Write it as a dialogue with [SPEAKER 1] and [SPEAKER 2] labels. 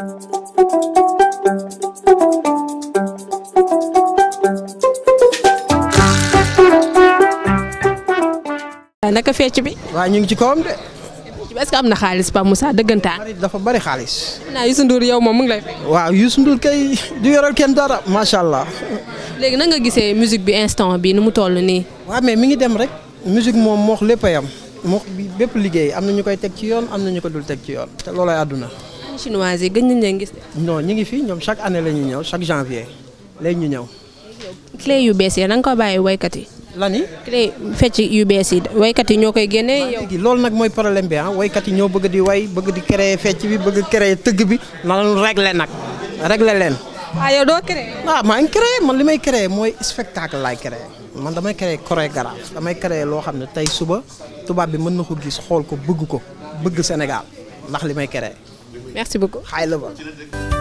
[SPEAKER 1] naka fecc bi. waaw ñu ngi ci kawam de. est am na xaalis Pape Moussa dëggantaan. dafa bari xaalis.
[SPEAKER 2] naa Youssou
[SPEAKER 3] Ndour yow moom mu ngi lay.
[SPEAKER 4] waaw Youssou Ndour kay du yoral kenn dara macha allah.
[SPEAKER 3] léegi na nga gisee musique bi instant bi nu mu toll nii. waaw mais mi ngi dem rek. musique moom moox lépp a yam
[SPEAKER 4] moox bi bépp liggéey am na ñu koy teg ci yoon am na ñu ko dul teg ci yoon. te loolay àdduna.
[SPEAKER 3] chinoise yi gën nañ leen gis.
[SPEAKER 4] non ñu ngi fi ñoom chaque anne la ñu ñëw chaque janvier lay ñu ñëw.
[SPEAKER 2] clé yu bees yi na nga ko bàyyi waykat yi. lan fecc yu bees yi waykat yi ñoo koy génnee.
[SPEAKER 4] yow loolu nag mooy problème bi ah waykat yi ñoo bëgg di way bëgg di créer fecc bi bëgg créer tëgg bi nan régler nag régler leen. ah doo créer. ah maa ngi créer man li may créer mooy spectacle laay créer man damay créer chorégraphe damay créer loo xam ne tey suba tubaab bi mën na ko gis xool ko bëgg ko bëgg Sénégal ndax li may créer. merci beaucoup xaay la
[SPEAKER 1] ba